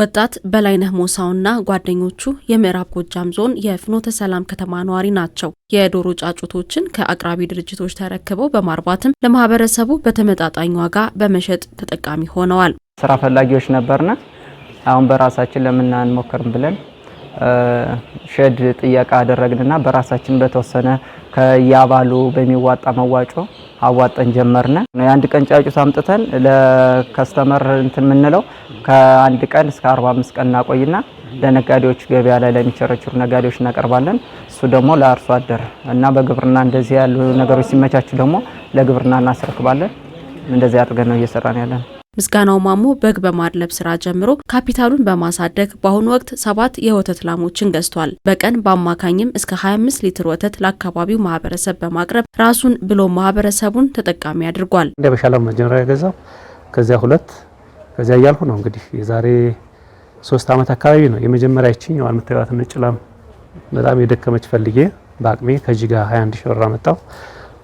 ወጣት በላይነህ ሞሳውና ጓደኞቹ የምዕራብ ጎጃም ዞን የፍኖተ ሰላም ከተማ ነዋሪ ናቸው። የዶሮ ጫጩቶችን ከአቅራቢ ድርጅቶች ተረክበው በማርባትም ለማህበረሰቡ በተመጣጣኝ ዋጋ በመሸጥ ተጠቃሚ ሆነዋል። ስራ ፈላጊዎች ነበርና አሁን በራሳችን ለምን አንሞክርም ብለን ሸድ ጥያቄ አደረግንና በራሳችን በተወሰነ ከያባሉ በሚዋጣ መዋጮ አዋጠን ጀመርነ። የአንድ ቀን ጫጩት አምጥተን ለከስተመር እንትን የምንለው ከአንድ ቀን እስከ 45 ቀን እናቆይና ለነጋዴዎች ገበያ ላይ ለሚቸረችሩ ነጋዴዎች እናቀርባለን። እሱ ደግሞ ለአርሶ አደር እና በግብርና እንደዚህ ያሉ ነገሮች ሲመቻቹ ደግሞ ለግብርና እናስረክባለን። እንደዚህ አድርገን ነው እየሰራን ያለነው። ምስጋናው ማሞ በግ በማድለብ ስራ ጀምሮ ካፒታሉን በማሳደግ በአሁኑ ወቅት ሰባት የወተት ላሞችን ገዝቷል። በቀን በአማካኝም እስከ 25 ሊትር ወተት ለአካባቢው ማህበረሰብ በማቅረብ ራሱን ብሎ ማህበረሰቡን ተጠቃሚ አድርጓል። እንደ በሻላ መጀመሪያ የገዛው ከዚያ ሁለት ከዚያ እያልኩ ነው እንግዲህ የዛሬ ሶስት ዓመት አካባቢ ነው የመጀመሪያ ይችኛው የምታዩት ነጭ ላም በጣም የደከመች ፈልጌ በአቅሜ ከጂጋ 21 ሺህ ብር አመጣው።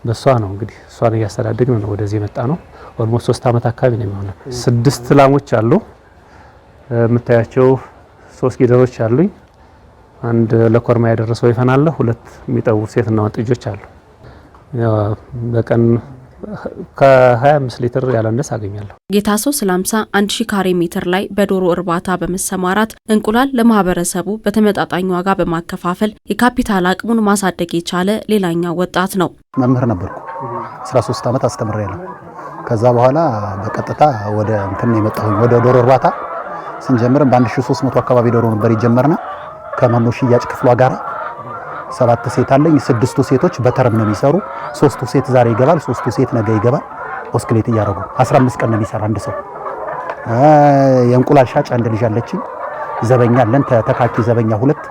በእሷ ነው እንግዲህ እሷን እያስተዳደግን ነው ወደዚህ የመጣ ነው። ኦልሞስት ሶስት አመት አካባቢ ነው የሚሆነ። ስድስት ላሞች አሉ የምታያቸው። ሶስት ጊደሮች አሉኝ። አንድ ለኮርማ ያደረሰው ይፈናለ፣ ሁለት የሚጠቡ ሴትና ወንድ ጥጆች አሉ። በቀን ከ25 ሊትር ያላነስ አገኛለሁ። ጌታ ሰው ስለ አንድ ሺ ካሬ ሜትር ላይ በዶሮ እርባታ በመሰማራት እንቁላል ለማህበረሰቡ በተመጣጣኝ ዋጋ በማከፋፈል የካፒታል አቅሙን ማሳደግ የቻለ ሌላኛው ወጣት ነው። መምህር ነበርኩ 13 ዓመት አስተምሬያለሁ። ከዛ በኋላ በቀጥታ ወደ እንትን የመጣሁኝ ወደ ዶሮ እርባታ ስንጀምርም በ1300 አካባቢ ዶሮ ነበር ይጀመርና ከመኖ ሽያጭ ክፍሏ ጋራ ሰባት ሴት አለኝ። ስድስቱ ሴቶች በተርም ነው የሚሰሩ። ሶስቱ ሴት ዛሬ ይገባል፣ ሶስቱ ሴት ነገ ይገባል። ኦስክሌት እያደረጉ 15 ቀን ነው የሚሰራ አንድ ሰው። የእንቁላል ሻጭ አንድ ልጅ አለችኝ። ዘበኛ አለን፣ ተተካኪ ዘበኛ ሁለት።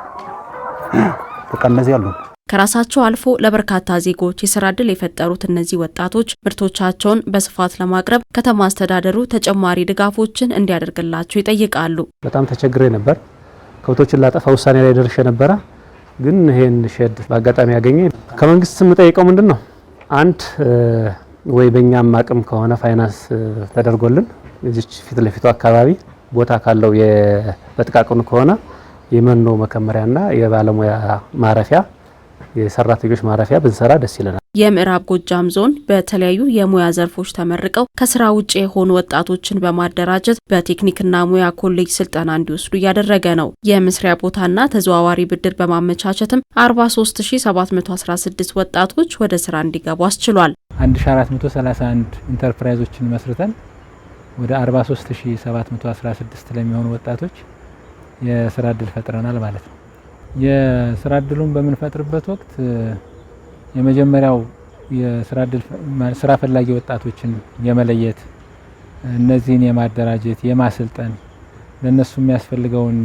በቃ እነዚህ አሉ። ከራሳቸው አልፎ ለበርካታ ዜጎች የስራ ዕድል የፈጠሩት እነዚህ ወጣቶች ምርቶቻቸውን በስፋት ለማቅረብ ከተማ አስተዳደሩ ተጨማሪ ድጋፎችን እንዲያደርግላቸው ይጠይቃሉ። በጣም ተቸግሬ ነበር። ከብቶችን ላጠፋ ውሳኔ ላይ ደርሼ ነበረ። ግን ይሄን ሼድ በአጋጣሚ ያገኘ ከመንግስት የምጠይቀው ምንድን ነው አንድ ወይ በእኛም አቅም ከሆነ ፋይናንስ ተደርጎልን እዚች ፊት ለፊቱ አካባቢ ቦታ ካለው በጥቃቅኑ ከሆነ የመኖ መከመሪያና የባለሙያ ማረፊያ የሰራተኞች ማረፊያ ብንሰራ ደስ ይለናል። የምዕራብ ጎጃም ዞን በተለያዩ የሙያ ዘርፎች ተመርቀው ከስራ ውጭ የሆኑ ወጣቶችን በማደራጀት በቴክኒክና ሙያ ኮሌጅ ስልጠና እንዲወስዱ እያደረገ ነው። የመስሪያ ቦታና ተዘዋዋሪ ብድር በማመቻቸትም 43716 ወጣቶች ወደ ስራ እንዲገቡ አስችሏል። 1431 ኢንተርፕራይዞችን መስርተን ወደ 43716 ለሚሆኑ ወጣቶች የስራ እድል ፈጥረናል ማለት ነው። የስራ እድሉን በምንፈጥርበት ወቅት የመጀመሪያው የስራ እድል ስራ ፈላጊ ወጣቶችን የመለየት እነዚህን የማደራጀት የማሰልጠን ለነሱ የሚያስፈልገውን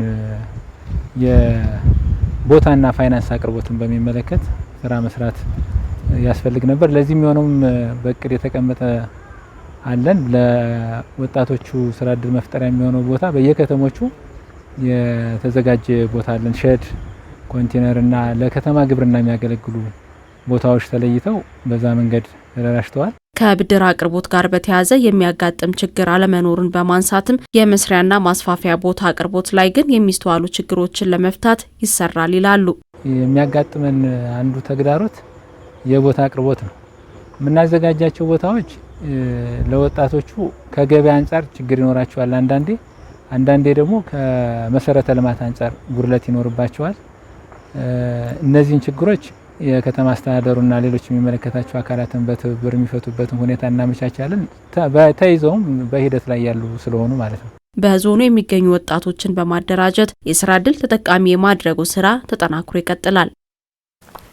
የቦታና ፋይናንስ አቅርቦትን በሚመለከት ስራ መስራት ያስፈልግ ነበር። ለዚህ የሚሆነውም በእቅድ የተቀመጠ አለን። ለወጣቶቹ ስራ እድል መፍጠሪያ የሚሆነው ቦታ በየከተሞቹ የተዘጋጀ ቦታ አለን ሸድ ኮንቲነር እና ለከተማ ግብርና የሚያገለግሉ ቦታዎች ተለይተው በዛ መንገድ ተደራጅተዋል። ከብድር አቅርቦት ጋር በተያያዘ የሚያጋጥም ችግር አለመኖሩን በማንሳትም የመስሪያና ማስፋፊያ ቦታ አቅርቦት ላይ ግን የሚስተዋሉ ችግሮችን ለመፍታት ይሰራል ይላሉ። የሚያጋጥመን አንዱ ተግዳሮት የቦታ አቅርቦት ነው። የምናዘጋጃቸው ቦታዎች ለወጣቶቹ ከገበያ አንጻር ችግር ይኖራቸዋል አንዳንዴ፣ አንዳንዴ ደግሞ ከመሰረተ ልማት አንጻር ጉድለት ይኖርባቸዋል። እነዚህን ችግሮች የከተማ አስተዳደሩና ሌሎች የሚመለከታቸው አካላትን በትብብር የሚፈቱበትን ሁኔታ እናመቻቻለን። ተይዘውም በሂደት ላይ ያሉ ስለሆኑ ማለት ነው። በዞኑ የሚገኙ ወጣቶችን በማደራጀት የስራ ድል ተጠቃሚ የማድረጉ ስራ ተጠናክሮ ይቀጥላል።